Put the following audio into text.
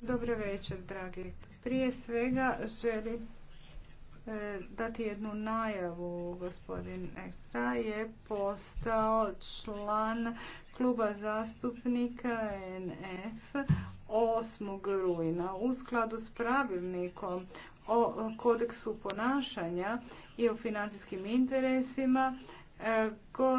Dobro večer, dragi. Prije svega želim e, dati jednu najavu. Gospodin Ekstra je postao član kluba zastupnika NF 8. rujna u skladu s pravilnikom o kodeksu ponašanja i o financijskim interesima e,